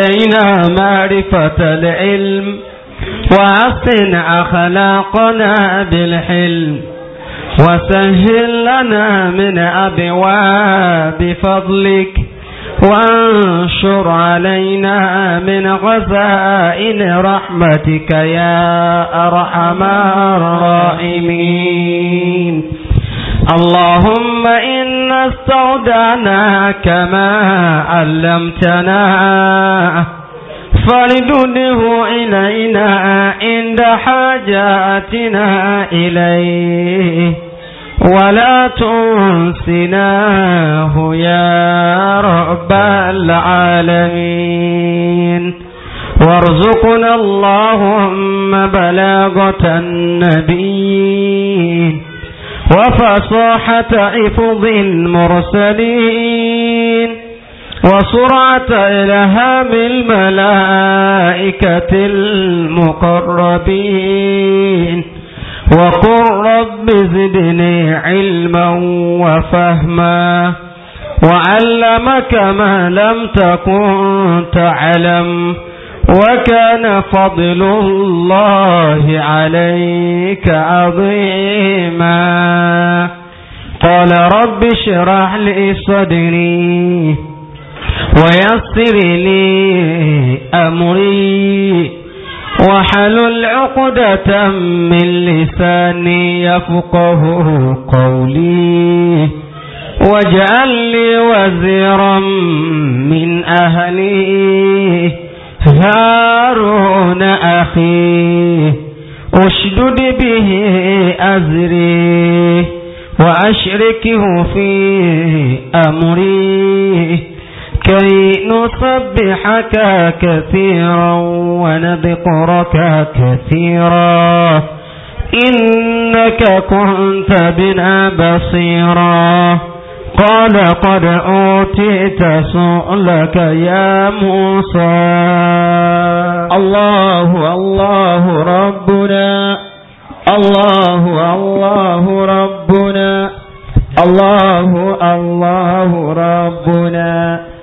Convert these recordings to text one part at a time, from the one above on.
علينا معرفة العلم وأحسن أخلاقنا بالحلم وسهل لنا من أبواب فضلك وانشر علينا من غزائن رحمتك يا أرحم الراحمين اللهم إنا استودعنا كما علمتنا فردده إلينا عند حاجاتنا إليه ولا تنسناه يا رب العالمين وارزقنا اللهم بلاغة النبيين وفصاحة إفض المرسلين وسرعة إلهام الملائكة المقربين وقل رب زدني علما وفهما وعلمك ما لم تكن تعلم وكان فضل الله عليك عظيما قال رب اشرح لي صدري ويسر لي أمري وحل عقدة من لساني يفقه قولي واجعل لي وزيرا من أهلي هارون أخي أشدد به أزري وأشركه في أمري كي نصبحك كثيرا ونذكرك كثيرا إنك كنت بنا بصيرا قال قد أوتيت سؤلك يا موسى الله الله ربنا الله الله ربنا الله الله ربنا الله الله ربنا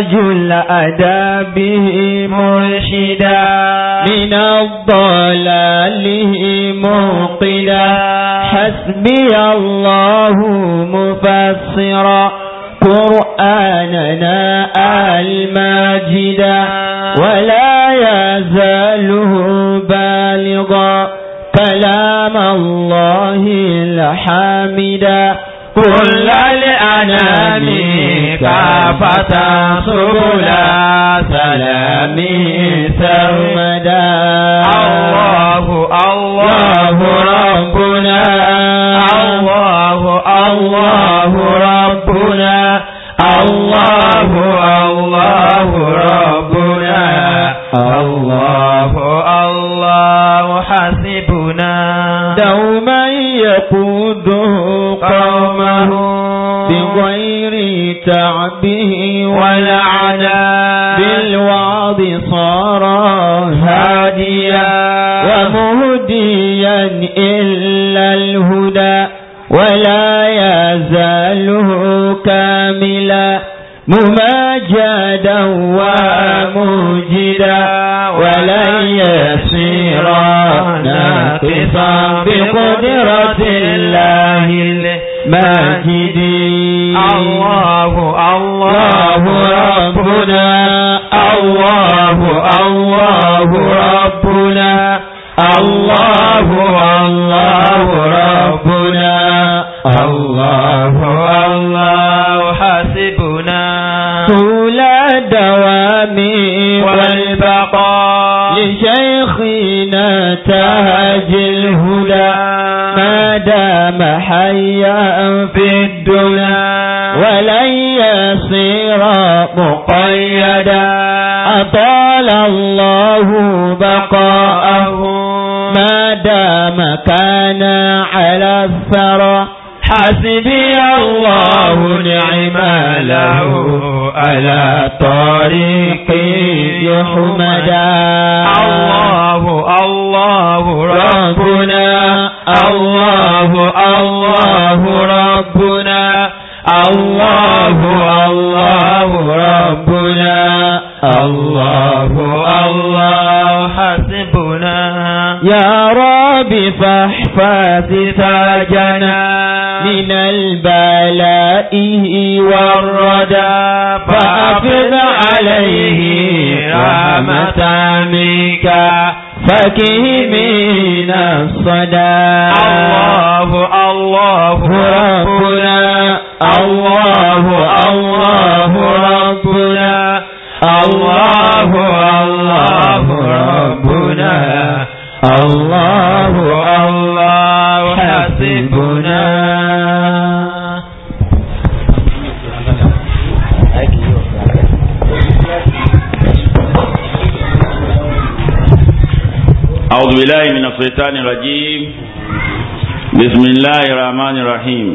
جل الأدى به مرشدا من الضلال موقدا حسبي الله مفسرا قرآننا الماجدا ولا يزاله بالغا كلام الله الحامدا كل الأنام كافة سبل سلام سرمدا الله الله ربنا الله الله ربنا الله الله ربنا الله الله حسبنا متع ولعنا بالوعظ صار هاديا ومهديا إلا الهدى ولا يزاله كاملا مماجدا ومجدا ولن يصير ناقصا بقدرة الله المجدين الله الله ربنا الله الله ربنا الله الله ربنا الله الله حاسبنا طول الدوام والبقاء لشيخنا تاج الهدى ما دام حيا في الدنيا ولن يصير مقيدا أطال الله بقاءه ما دام كان على الثرى حسبي الله نعم له على طريقي يحمدا الله الله ربنا الله الله ربنا الله الله ربنا الله الله حسبنا يا رب فاحفظ تاجنا من البلاء والردى فأفض عليه رحمة منك فكهمين الصدى الله الله ربنا الله الله ربنا الله الله ربنا الله الله حسبنا بالله من الشيطان الرجيم بسم الله الرحمن الرحيم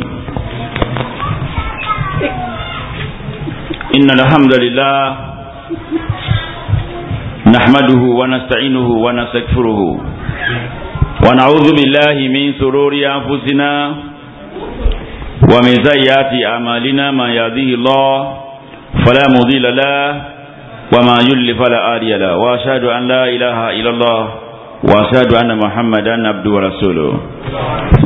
إن الحمد لله نحمده ونستعينه ونستغفره ونعوذ بالله من سرور أنفسنا ومن سيئات أعمالنا ما يهديه الله فلا مضل له وما يضلل فلا هادي له وأشهد أن لا إله إلا الله وأشهد أن محمدا عبده ورسوله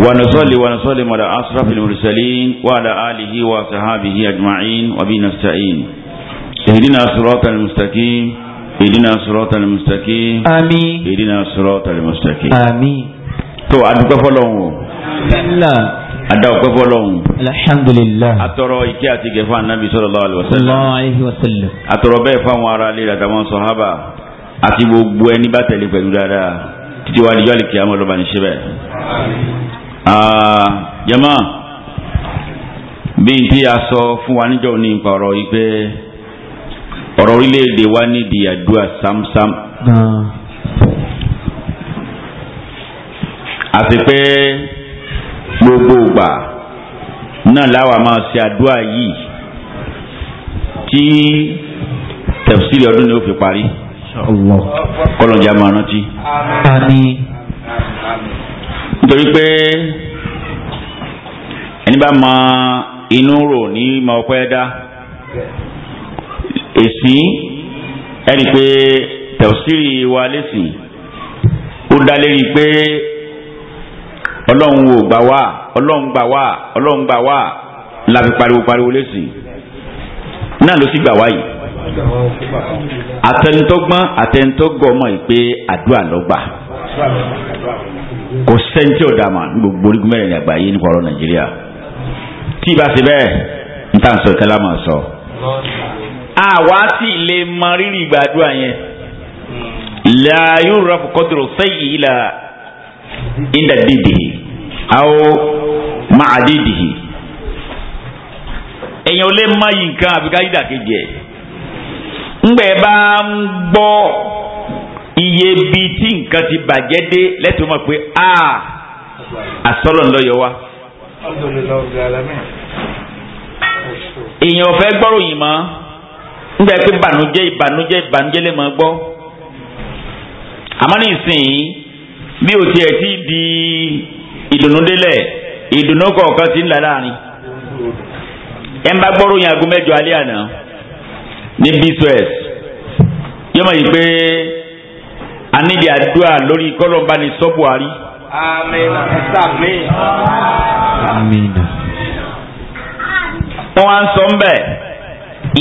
ونصلي ونسلم على أشرف المرسلين وعلى آله وصحابه أجمعين وبه نستعين اهدنا الصراط المستقيم اهدنا الصراط المستقيم آمين اهدنا الصراط المستقيم آمين تو أدوك فلون لا أدوك فلون الحمد لله أترى إكياتي كفان النبي صلى الله عليه وسلم الله عليه وسلم أترى بيفان وعلى ليلة من صحابة àti gbogbo ẹni bá tẹ̀lé pẹ̀lú dáadáa títí wàá níjọ́ àlèkè àmọ́ lọ́ba ní síbẹ̀. jama bí n tí a sọ fún wa níjọ́ ní ipa ọ̀rọ̀ yìí pé ọ̀rọ̀ orílẹ̀-èdè wa nídìí àdúrà sámsám. àti pé gbogbo ìgbà náà láwa máa ṣe àdúrà yìí tí tẹ̀sílẹ̀ ọdún ni ó fi parí kọlọ̀jà máa rántí. nítorí pé ẹni bá mọ inú rò ní ma ọpẹ́ dá èsì ẹni pé tẹ̀síìrì wa lẹ́sìn ó dá lérí pé ọlọ́run ò gbà wá ọlọ́run gbà wá ọlọ́run gbà wá la pariwo pariwo lẹ́sìn náà ló sì gbà wá yìí àtẹnitọ́gbọ́n àtẹnitọ́gọ́ mọ̀ yìí pé àdúrà lọ́gbà kò sẹ́ńtì ọ̀dàmà ní gbogbo orígun mẹ́rin àgbáyé nípa ọ̀rọ̀ nàìjíríà tí ìbá ṣe bẹ́ẹ̀ n tà ń sọ ìkẹ́lá máa sọ. àwa sì lè mọ rírì ìgbàdúrà yẹn láàyò rọ́pò kọ́tùrọ̀ sẹ́yìn ìlà ìdá dídìí àwọn máa dídìí èèyàn ò lè mọ yìí nǹkan àbíká yìí dàkejì ẹ̀. ngbẹ bá ń gbọ́ iye bíi ti nkan ti bàjẹ́ dé o mọ̀ pe a àsọlọ̀ ńlọ́yọ̀ wa. èèyàn ò fẹ́ gbọ́ròyìn mọ́ ngbẹ pé bànújẹ́ ìbànújẹ́ ìbànújẹ́ lè máa gbọ́ àmọ́ ní ìsìn bí o ti di ìdùnnú délẹ̀ ìdùnnú kọ̀ọ̀kan ti ń là láàrin ẹ̀ ń bá aago mẹ́jọ alẹ́ ní bts yóò mọ̀ yìí pé a níbi àdúrà lórí kọ́lọ́mbà ní sọ́ buhari. amina sami. amina. wọ́n wá ń sọ ń bẹ̀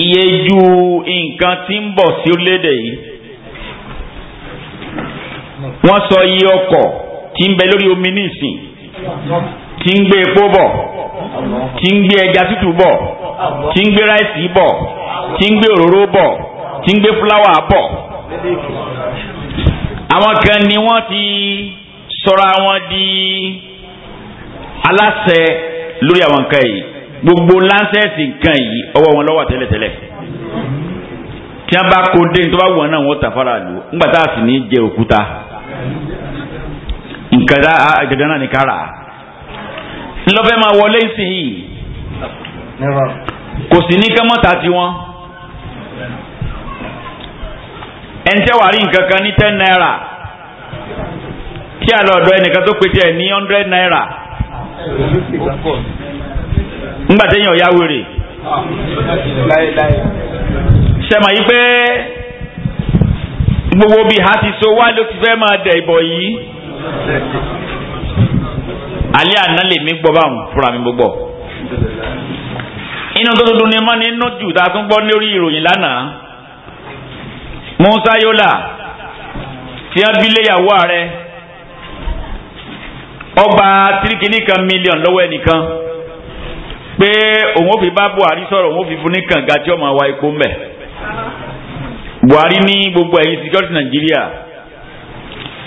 iye ju nǹkan tí ń bọ̀ sí orílẹ̀-èdè yìí wọ́n sọ iye ọkọ̀ tí ń bẹ lórí omi nísìn. tí ń gbé epo bọ̀ tí ń gbé ẹja tútù bọ̀ tí ń gbé ráìsì bọ̀ tí ń gbé òróró bọ̀ tí ń gbé fúláwà bọ̀. àwọn kan ni wọ́n ti di aláṣẹ lórí àwọn nǹkan gbogbo láńsẹ̀sì nǹkan yìí ọwọ́ wọn lọ́wọ́ tẹ́lẹ̀tẹ́lẹ̀ tí a bá kó dé tó bá náà wọ́n tàfàrà lò ńgbà tá a sì ní jẹ òkúta nǹkan dáná ká rà ńlọ́fẹ́ máa wọlé ìsìn kò sí ní kẹ́mọ́ta tiwọn ẹnjẹ́ wàá rí nǹkan kan ní ten naira kí àlọ́ ọ̀dọ́ ẹnìkan tó pété ẹ̀ ní hundred naira ńgbà téèyàn ya wèrè sẹ́mà yí pé gbogbo bíi ha ti so wá ló ti fẹ́ máa dẹ̀ ìbọ̀ yìí alẹ́ àná lèmi gbọ́ báwọn fúnra mi gbọ́. inú tó tuntun ni mọ́ ní inú jù tá a tún gbọ́ lórí ìròyìn lánàá. Musa Yola tí wọ́n bí léyàwó ààrẹ ọgbà tirikini kan mílíọ̀n lọ́wọ́ ẹnìkan pé òun ò fi bá Buhari sọ̀rọ̀ òun ò fi fún ní kànga tí ọmọ àwa epo mbẹ̀. Buhari ní gbogbo ẹ̀yìn security Nàìjíríà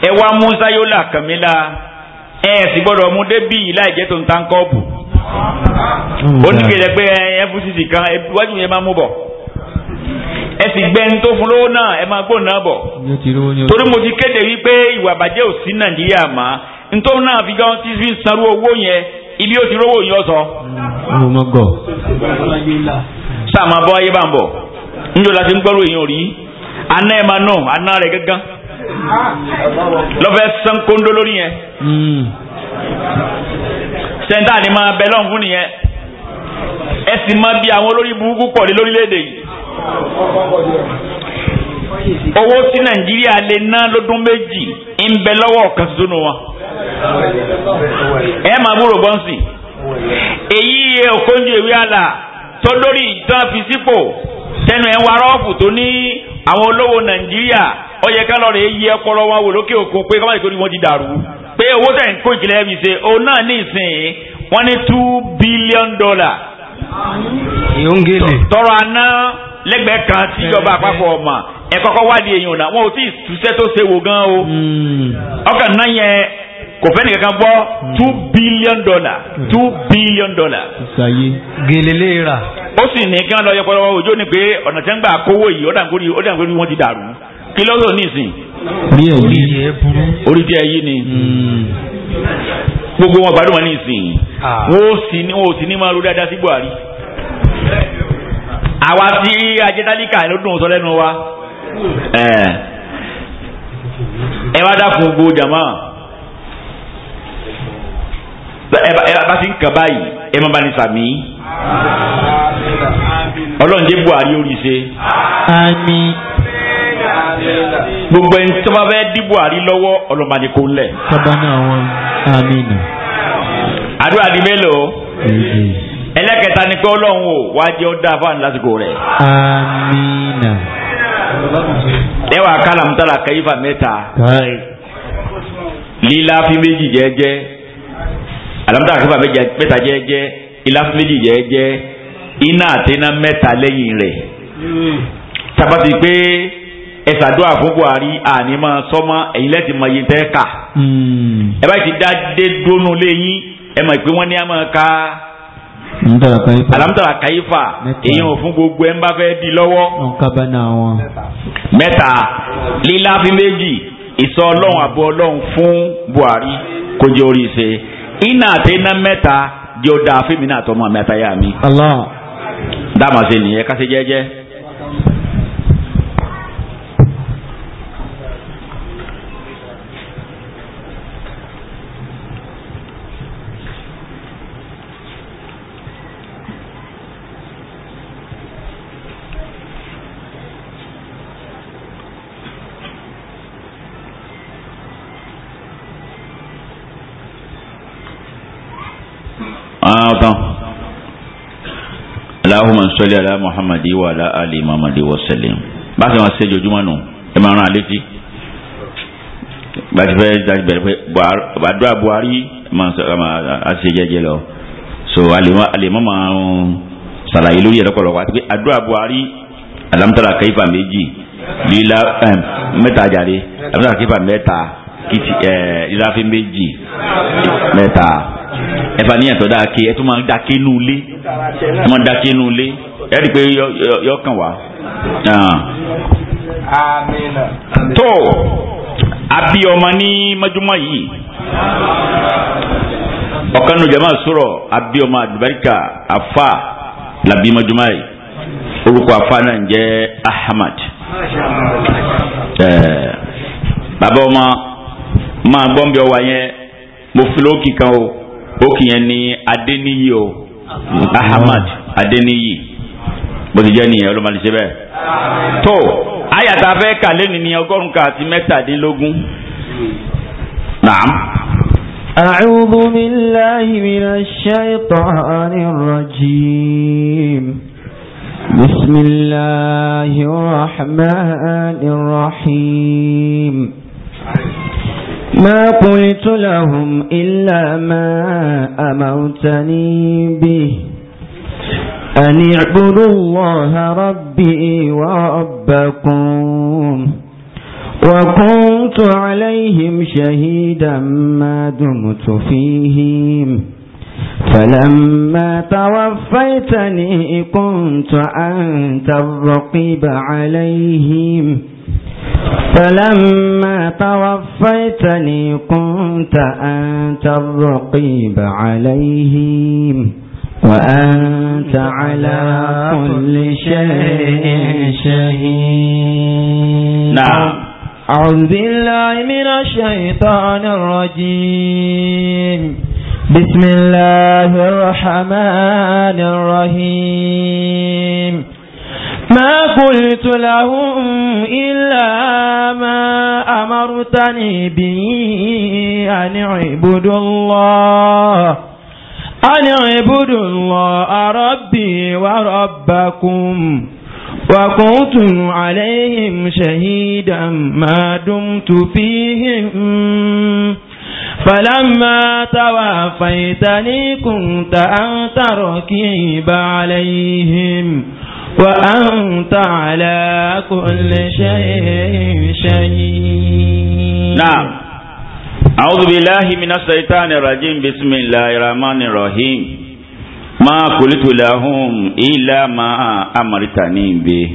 ẹ wá Musa Yola kàmílà ẹ sì gbọ́dọ̀ mú débì yìí tó ń tan kọ́ọ̀pù. ó ní kéde pé fcc kan iwájú yẹn máa mú bọ̀ ẹ sì gbẹ́ni tó fún lówó náà ẹ máa gbóhùn náà bọ̀. torí mo ti kéde wípé ìwà àbàjẹ́ ò sí nàìjíríà mọ́ nítorí náà fi gan ti fi sanwó owó yẹn ibi ó ti rówó yín ọ sọ. sáà máa bọ́ ayé bá ń bọ̀ níjọ́ la ti ń gbọ́rò èèyàn rí aná ẹ̀ máa nù aná rẹ̀ gángan. lọ́fẹ́ san kóńdó lórí yẹn ni máa bẹ lọ́hùn fún nìyẹn ẹ sì máa bí àwọn olórí burúkú pọ̀ ní lórílẹ̀‐èdè yìí owó tí nàìjíríà lè ná lọ́dún méjì ń bẹ lọ́wọ́ ọ̀kan tuntun wọn ẹ máa búrò bọ́ǹsì èyí ìwé àlà tó lórí ìtàn fi sípò tẹnu ẹ̀ ń wa rọ́ọ̀fù tó ní àwọn olówó nàìjíríà ó yẹ ká lọ rè é yí ọpọlọ wọn wò lókè òkun pé kọ́má ìtòrí wọn ti dàrú pé owó tẹ̀ ń kó ìkìlẹ̀ mi ṣe òun náà ní ìsìn wọn ní two billion dollar. ìhóngèlè. tọrọ aná lẹ́gbẹ̀ẹ́ kan tíjọba àpapọ̀ ọmọ ẹ kọ́kọ́ wádìí èèyàn náà wọn ò tí ì túṣẹ́ tó ṣe wò gan o hmm. ọkàn náà yẹn kò fẹ́ nìkan bọ́ hmm. two billion dollar hmm. two billion dollar. ìsàyè gèlèlè rà. ó sì ní kí wọn lọ yẹ pọlọpọ òjò ni pé ọ̀nà tí wọn gbà kówó yìí ó dàgbò ni wọn ti dàrú kí lọ́rọ̀ nísìn. bí orí yẹ burú. orí tí ẹ yí ni. Hmm. gbogbo wọn gbádùn wọn nísìn. Ah. wọn ò sì ní wọn ò sì ní máa ro dáadáa sí Buhari. àwa tí ajẹ́tálíkà ló dùn sọ lẹ́nu wa. ẹ wá dákun gbogbo jàmá. ẹ bá ti ń kàn báyìí ẹ má bá ní sàmì. ọlọ́run jẹ́ Buhari orí ṣe. àmín gbogbo ẹni tó bá fẹ́ dí Buhari lọ́wọ́ ọlọ́mọ kò ń lẹ̀. sábàánà amínà. àdúrà di mélòó. ẹlẹ́kẹta ni pé ọlọ́run ò wá jẹ́ ó dáa fáwọn lásìkò rẹ̀. amínà. lẹ́wà kálàmútàlà kẹ́yìfà mẹ́ta. lílá fi méjì jẹ́jẹ́ àlámútàlà kẹ́yìfà mẹ́ta jẹ́jẹ́ ilá fi méjì jẹ́jẹ́ iná àti iná mẹ́ta lẹ́yìn rẹ̀. tábà ti pé ẹ ṣàdúrà fún Buhari àní máa sọmọ ẹ̀yin lẹ́tì mọ iye tẹ́ kà. Hmm. ẹ bá ti dá dé dónú léyìn ẹ mọ̀ pé wọ́n ní a máa ka alamutala kayifa èyàn ò fún gbogbo ẹ ń bá fẹ́ di lọ́wọ́ mẹ́ta lílá fi méjì ìsọ ọlọ́run àbọ̀ ọlọ́run fún Buhari kò orí ṣe iná àtẹ́ná mẹ́ta di ọ̀dà fẹ́mi náà tọmọ mẹ́ta yá mi. dáàmà ṣe nìyẹn ká ṣe Allahumma salli ala Muhammadi wa ala ali Muhammadi wa sallim bá a ti máa ṣe jojúmọ́ nù ẹ máa rán alẹ́ tí bá a ti fẹ́ dájú bẹ̀rẹ̀ pé àdúrà Buhari máa ṣe jẹ́jẹ́ lọ so àlèmọ́ máa ń ṣàlàyé lórí ẹ̀rọ pọ̀lọpọ̀ àti pé àdúrà Buhari alámútàlá kẹfà méjì lílá mẹ́ta jáde alámútàlá kẹfà mẹ́ta kìtì ẹ ìlàfẹ méjì mẹ́ta ẹfà níyàn tó dáa ké ẹ tó máa dáké nù lé tó máa dáké nù lé ẹ rí i pé yọ kàn wá. tó àbí ọmọ ní mọ́júmọ́ yìí ọ̀kan nu jama sọ̀rọ̀ àbí ọmọ àdìbáríkà afa làbí mọ́júmọ́ yìí orúkọ afa náà ń jẹ́ Ahmad bàbá ọmọ máa gbọ́n bí ọwà yẹn mo fi lóòkì kan o òkì yẹn ni adéníyì o ahmad adéníyì bó ti jẹ́ nìyẹn olóma lè ṣe bẹ́ẹ̀. tó àyàtà fẹ́ kà lẹ́nu ọgọ́rùn kan àti mẹ́tàdínlógún. أعوذ بالله من الشيطان الرجيم بسم الله الرحمن الرحيم ما قلت لهم إلا ما أموتني به أن اعبدوا الله ربي وربكم وكنت عليهم شهيدا ما دمت فيهم فلما توفيتني كنت أنت الرقيب عليهم فلما توفيتني كنت أنت الرقيب عليهم وأنت على كل شيء شهيد نعم أعوذ بالله من الشيطان الرجيم بسم الله الرحمن الرحيم ما قلت لهم إلا ما أمرتني به أن اعبدوا الله أن اعبدوا الله ربي وربكم وكنت عليهم شهيدا ما دمت فيهم فَلَمَّا توفيتني كنت أنت ركيب عليهم وأنت على كل شيء شهيد نعم أعوذ بالله من الشيطان الرجيم بسم الله الرحمن الرحيم ما قلت لهم إلا ما أمرتني به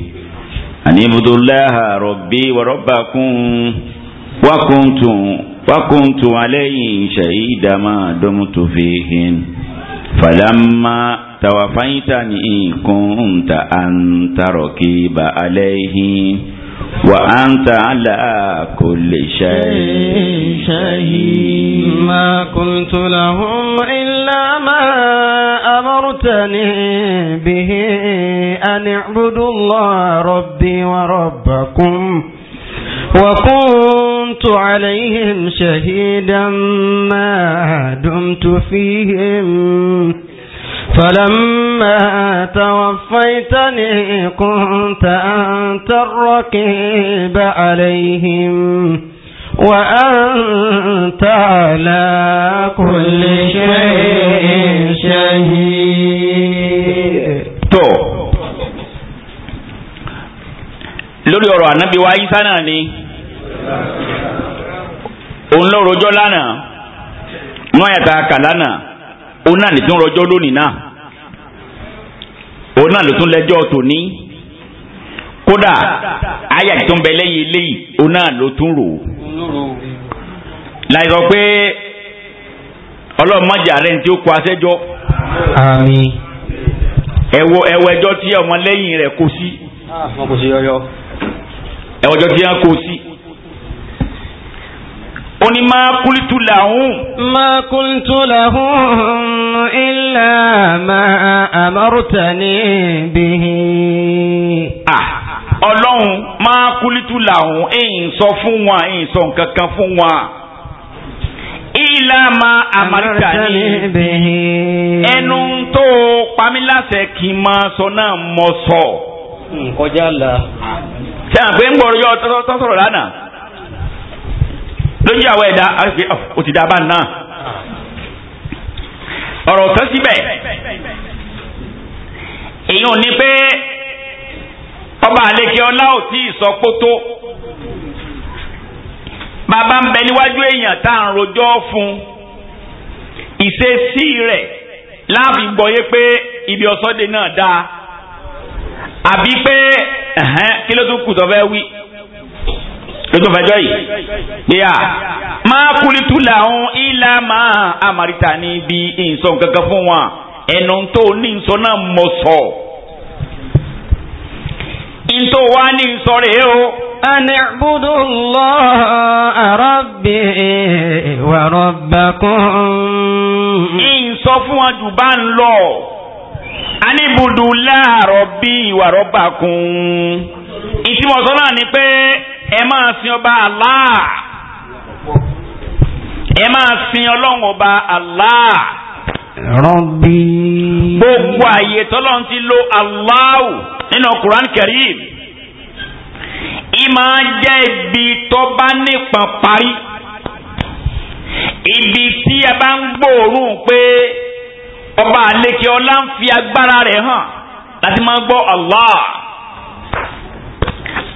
أن اعبدوا الله ربي وربكم وكنتم وكنت عليهم شهيدا ما دمت فيهن فلما توفيتني كنت أنت ركيب عليهم وأنت على كل شيء شهيد ما قلت لهم إلا ما أمرتني به أن اعبدوا الله ربي وربكم وكنت عليهم شهيدا ما دمت فيهم فلما توفيتني كنت أنت الركيب عليهم وأنت على كل شيء شهيد تو لوري أورو النبي وعيسى ناني òun ló rojọ́ lánàá wọ́n yàtà kà lánàá òun náà lè tún rojọ́ lónìí náà òun náà lè tún lẹ́jọ́ tòní kódà àyà tó ń eléyìí òun náà ló tún rò láì sọ pé ọlọ́mọdé ààrẹ ní tí ó sí ah, tí oni ma kulitu lahum. ma kulitu lahum illa ma amarutani bihi. ah ọlọ́run ma kulitu lahum ẹ̀yìn sọ fún wa ẹ̀yìn sọ nǹkan kan fún wa illa ma amarutani bihi. ẹnu tó pamílàṣẹ kì í máa sọ náà mọ sọ. kọjá la. sẹ́yìn pé ń gbọ́dọ̀ yọ tọ́sọ̀rọ̀ lánàá lójú àwọn ẹ̀dá ó ti dá bá náà ọ̀rọ̀ tán síbẹ̀ èèyàn ní pé ọba àlekè ọlá ò tí ì sọ pótó bàbá ń bẹ níwájú èèyàn tá à ń rojọ́ fún ìṣesí rẹ̀ láàfin gbọ́yé pé ibi ọ̀sọ́dẹ náà dáa àbí pé kí ló tún kù tó fẹ́ wí. lójú fẹjọ́ yìí ma máa kulitu làwọn ilà máa amarita ní bí nsọ gángan fún wọn ẹnu tó nsọ náà mọ sọ wa ní nsọ rẹ̀ o. أن اعبدوا الله ربي وربكم ń sọ fún wọn jù bá ń lọ anibudu láàárọ̀ bí ni ẹ máa sin ọba Alaa, ẹ máa sin ọlọ́run ọba Alaa. rọ́bì. gbogbo àyè tọ́lọ́run ti lo Allahu nínú Quran Karim ìmọ̀ jẹ́ ibi tó bá nípa parí ibi tí a bá ń gbòòrùn pé ọba àlekè ọlá ń fi agbára rẹ̀ hàn láti máa gbọ́ Allah.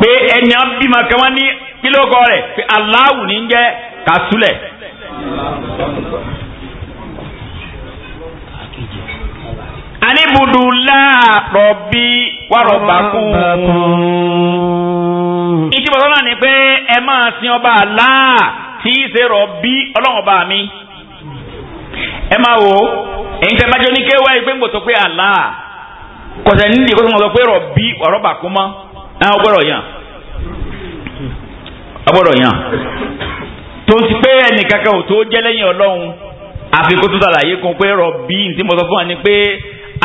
pé ẹni bima bímọ kan wọ́n ní kílógọ́ rẹ̀ pé aláwù ní jẹ́ kásúlẹ̀. anibudu láàrọ̀ bí wàrọ̀ bàkún. ìjìbọ̀ sọ́nà ni pé ẹ máa sin ọba aláà tí í ṣe rọ̀ ọlọ́run ọba mi. ẹ máa wò èyí tẹ́ bá jẹ́ kọ̀sẹ̀ nídìí kó sọ̀rọ̀ pé rọ̀ bí ọ̀rọ̀bà kó mọ ẹ̀ ọgbọ́dọ̀ yàn ọgbọ́dọ̀ yàn tó ti pé ẹnìkankan ò tó jẹ́ lẹ́yìn ọlọ́run àfi tó kan pé rọ̀ ntí mo sọ fún wa ni pé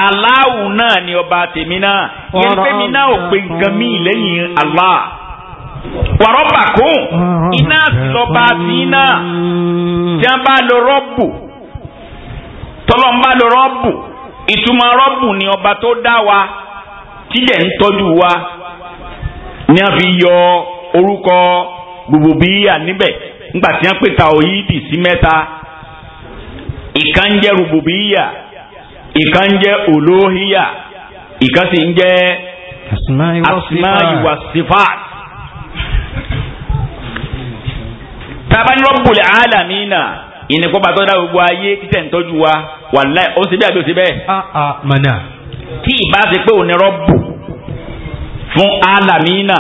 aláwù náà ni ọba tèmi náà yẹn pé mi náà ò pe nǹkan bá lo lo ìtumọ̀ rọ́bù ni ọba tó dá wa tílẹ̀ ń tọ́jú wa ni a fi yọ orúkọ gbogbo bíyà níbẹ̀ nígbà tí wọ́n pè ta òyìdì sí mẹ́ta ìkan ń jẹ́ ìkan ń jẹ́ olóhíyà ìkan sì ń jẹ́ ayé títẹ̀ ń wàláì ó ṣe bí àbí ó ṣe bẹ́ẹ̀. Ah, ah, tí ìbá ṣe pé òun ni rọ́bù fún alamina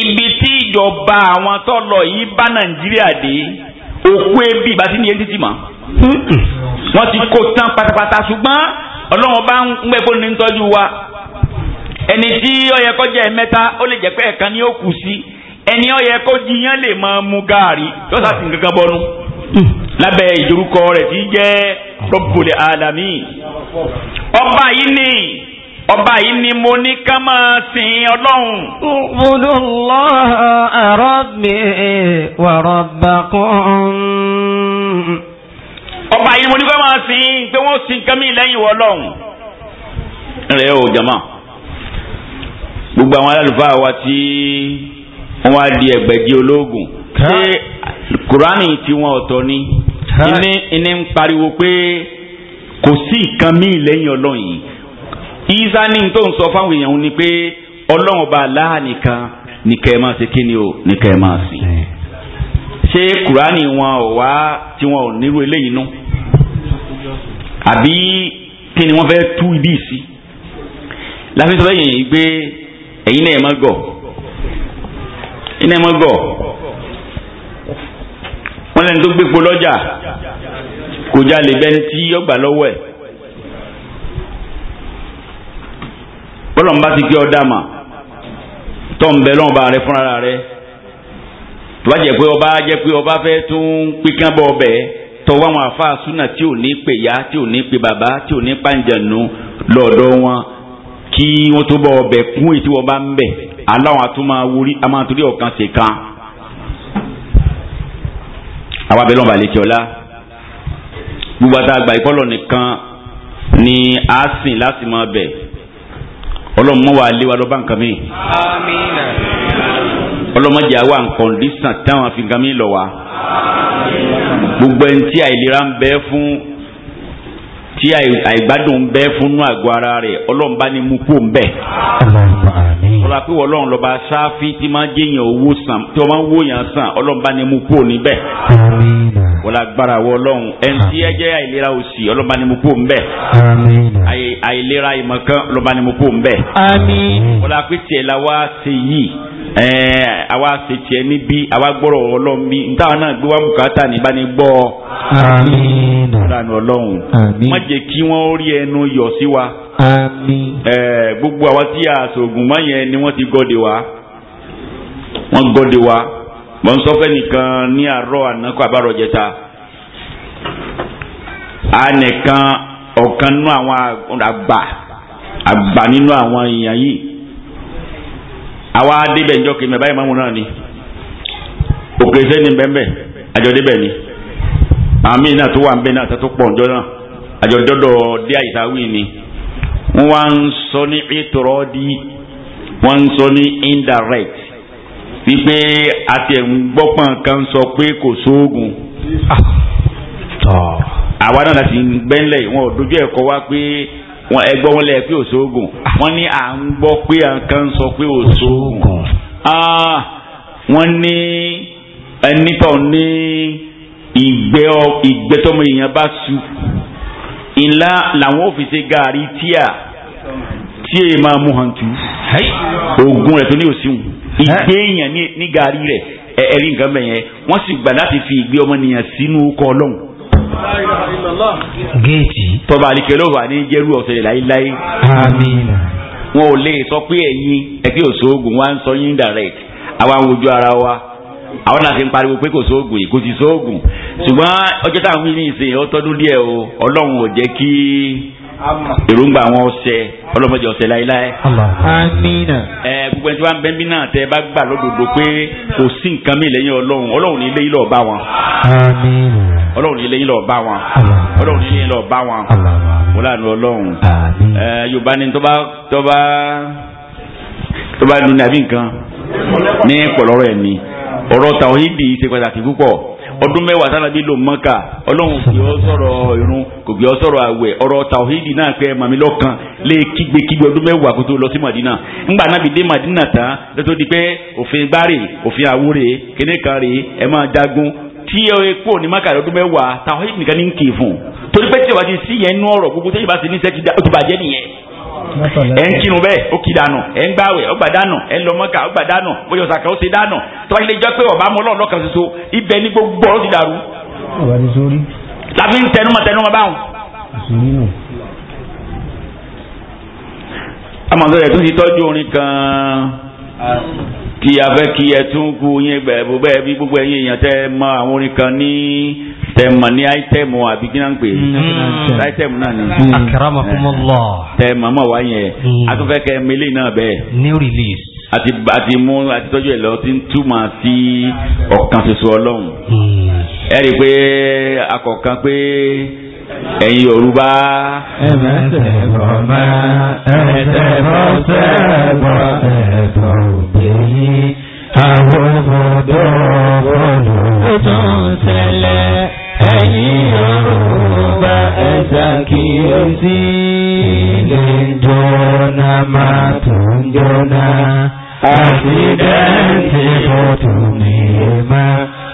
ibi tí ìjọba àwọn tó lọ yìí bá nàìjíríà dé òkú ebi ìbá tí ní yẹn títì mọ́ wọ́n ti kó tán pátápátá ṣùgbọ́n ọlọ́run bá ń gbẹ́ fún ní tọ́jú wa ẹni tí ó yẹ kó jẹ́ ó lè jẹ́ pé ẹ̀kan ni ó kù sí ẹni ó yẹ jiyàn lè máa mu gaari yóò sá sí nǹkan kan bọ́nu. Mm lábẹ́ ìdorúkọ rẹ̀ tí jẹ́ Rabbul Alamin. ọba yìí ni ọba yìí ni mo ní ká máa sin ọlọ́run. U'budu Allaha rabbi wa rabbakum. ọba yìí ni mo ní ká máa sin pé wọ́n sin nǹkan lẹ́yìn wọ ọlọ́run. rẹ̀ o jama gbogbo àwọn alálùfáà wa tí wọ́n wá di ẹgbẹ̀jì ológun. ṣé Kurani tiwọn ọ̀tọ̀ ni iní iní ń pariwo pé kò sí nǹkan míì lẹ́yìn ọlọ́run yìí isa ní tó ń sọ fáwọn èèyàn ni pé ọlọ́run ọba aláha nìkan nìkẹ́ ẹ máa ṣe kíni o nìkẹ́ ẹ máa sìn ṣé kùránì wọn ò wá tí wọn ò nírú eléyìí nú àbí kí ni wọ́n fẹ́ tú ibi sí láfi sọ yìí pé ẹ̀yin náà ẹ̀ má gọ̀ ẹ̀yin náà ẹ̀ má gọ̀ wọ́n lẹ́nu tó gbépo lọ́jà kò jalè bẹ́ni tí ọgbà lọ́wọ́ ẹ̀ bọ́lọ̀ ń bá ti kí ọ dáàmà tọ́ ń bẹ lọ́nba rẹ fúnra rẹ tó bá pé ọba jẹ́ pé ọba fẹ́ tún pínká bọ́ ọbẹ̀ tọwọ́ àwọn àfáà tí ò ní pè ya tí ò ní pè bàbá tí ò ní pàǹjànù lọ́dọ̀ wọn kí wọ́n tó bọ́ ọbẹ̀ kún èyí tí bá ń bẹ̀ aláwọn àtúmọ̀ wúrí àmọ́ àtúndì ọ̀kan ṣèkan àwa bẹ̀rẹ̀ lọ́nà balẹ̀ kíọ́lá gbogbo àti àgbà ìkọlọ̀ nìkan ni a sìn láti máa bẹ̀ ọlọ́mọ wa lé wa lọ bá nǹkan mi. àmín. ọlọ́mọdé àwa nǹkan dísàn táwọn afi nǹkan mi lọ wa. àmín. gbogbo ẹni tí àìlera ń bẹ fún tí àìgbádùn ń bẹ fúnnú àgọ́ ara rẹ̀ ọlọ́run bá ní mú kó ń bẹ. ọlọ́run pé ọlọ́run lọ́ba sáfì tí máa jẹ́yàn owó sàn tí wọ́n máa ń wòyàn sàn ọlọ́run bá ní mú kó níbẹ̀. wọ́n agbára wọ ọlọ́run ẹni tí ẹ jẹ́ àìlera òsì ọlọ́run bá ní mú kó ń bẹ. àìlera ìmọ̀kan ọlọ́run bá ní mú kó ń bẹ. wọ́n pé tiẹ̀ la wá ṣe yìí àwa ṣe níbí àwa gbọ́rọ̀ ọlọ́run bí ntàwọn náà gbé wá bùkátà ní gbọ́. àmín látàánú ọlọ́run má jẹ́ kí wọ́n rí ẹnu yọ̀ sí wa gbogbo àwa tí a sògùn mọ́ yẹn ni wọ́n ti gọ́dẹ̀ wá wọ́n gọ́dẹ̀ wá mọ̀ ń sọ́fẹ́ nìkan ní àárọ̀ àná kó a nìkan ọ̀kan nínú àwọn àgbà àgbà nínú àwọn èèyàn yìí àwa débẹ̀ njọ́ báyìí máa mú náà ni òkè sẹ́ni bẹ́ẹ̀ bẹ́ẹ̀ àjọ débẹ̀ ni àmì náà tó wà ń bẹ náà tó pọ̀ njọ́ náà àjọ̀dọ́dọ̀ dé àyíkáwí ni wọ́n ń sọ ní ìtọ́rọ́dí wọ́n ń sọ ní indirect wípé àtẹ̀ǹgbọ́pọ̀n kan sọ pé kò sóògùn àwa náà láti gbẹ́ńlẹ̀ wọn ò dojú ẹ̀kọ́ wá pé wọn ẹgbọ́n wọn lẹ̀ pé òṣoògùn wọ́n ní à ń gbọ́ pé àǹkan sọ pé òṣoògùn ah, wọ́n ní ẹnitọ́ ní ìgbẹ́ ìgbẹ́ tọmọ èèyàn bá su ńlá làwọn òfìsè gaari tíà tí èyí máa mú hàn tú oògùn rẹ̀ tó ní òsínwó ìgbẹ́ èèyàn ní gaari rẹ̀ ẹ̀rí nǹkan bẹ̀ yẹn wọ́n sì gbà láti fi ìgbẹ́ ọmọnìyàn sínú kọ́ ọlọ́run. géètì. tọba àlìkẹ́ wà ní jẹ́rú ọ̀sẹ̀ láéláé. àmín. wọn ò lè sọ pé ẹ̀yin ẹ̀kí òṣogùn wa ń sọ yín direct àwa ń wojú ara wa. àwọn náà ti ń pariwo pé kò sóògùn yìí kò sì sóògùn ṣùgbọ́n ọjọ́ táwọn ní ìsìn o ọlọ́run ò jẹ́ kí èròǹgbà àwọn ọ̀sẹ̀ ọlọ́mọdé ọ̀sẹ̀ láéláé. ẹ gbogbo ẹni tí wọ́n bẹ́ẹ̀ bí náà tẹ́ bá gbà lódodo pé kò sí nǹkan mi lẹ́yìn ọlọ́run ọlọ́run ní ilé yìí lọ́ọ́ bá wọn. ní ilé yìí bá wọn. ní ilé ni tó bá tó bá tó bá ọ̀rọ̀ tàwídì ṣe pàtàkì púpọ̀ ọdún mẹ́wàá sálábí ló mọ́kà ọlọ́run kì í sọ̀rọ̀ irun kò kì í sọ̀rọ̀ àwẹ̀ ọ̀rọ̀ náà màmí lọ́kàn lé ọdún mẹ́wàá lọ sí Madina ńgbà Madina tán lọ́tọ́ di pé òfin gbárè òfin máa jagun tí ẹ kú òní ọdún mẹ́wàá nìkan ní gbogbo ní ẹ̀ ń kírun bẹ́ẹ̀ ó kì í dànù ẹ̀ ń gbàwẹ̀ ó gbà dànù ẹ̀ ń lọ mọ́kà ó gbà dànù bóyá ọ̀sàkà ó ṣe dànù tó bá yẹ jẹ́ pé ọ̀bá mọ́ ọlọ́run lọ́kàn ṣoṣo ibẹ̀ ní gbogbo ọ̀rọ̀ ti dàrú. tàbí ń tẹnumọ́ tẹnumọ́ báwọn. amọ̀tọ́ yẹ tó ti tọ́jú orin kan kí a fẹ́ kí ẹ tún kú yín bẹ̀ bó bẹ́ẹ̀ bí gbogbo ẹ̀yin èèyàn tẹ́ mọ àwọn orin kan ní tẹ́ mọ ní áítẹ́ẹ̀mù àbí kí náà ń pè é mm. áítẹ́ẹ̀mù náà ni. Mm. Mm. akramakumullah. Eh. tẹ́ mọ mọ wá yẹn a tún fẹ́ kẹ́ mele náà bẹ́ẹ̀. new release. àti àti mú àti tọ́jú ẹ̀ lọ ti ń túmọ̀ sí ọ̀kan ṣoṣo ọlọ́run. ẹ rí i pé akọ̀kan pé ẹ̀yin yorùbá. ẹ̀bẹ̀ tẹ̀bọ̀ máa ẹ̀tẹ̀bọ̀ tẹ̀bọ̀ ẹ̀bọ̀ òde yìí àwọn ọmọdé bọ́ọ̀lù tó ń tẹ̀lẹ̀ ẹ̀yin yorùbá ẹ̀sà kíyèsí ilé dọ́nà máa tún dọ́nà àti dẹ́ńtì bọ́ọ̀lù ní ìmọ̀.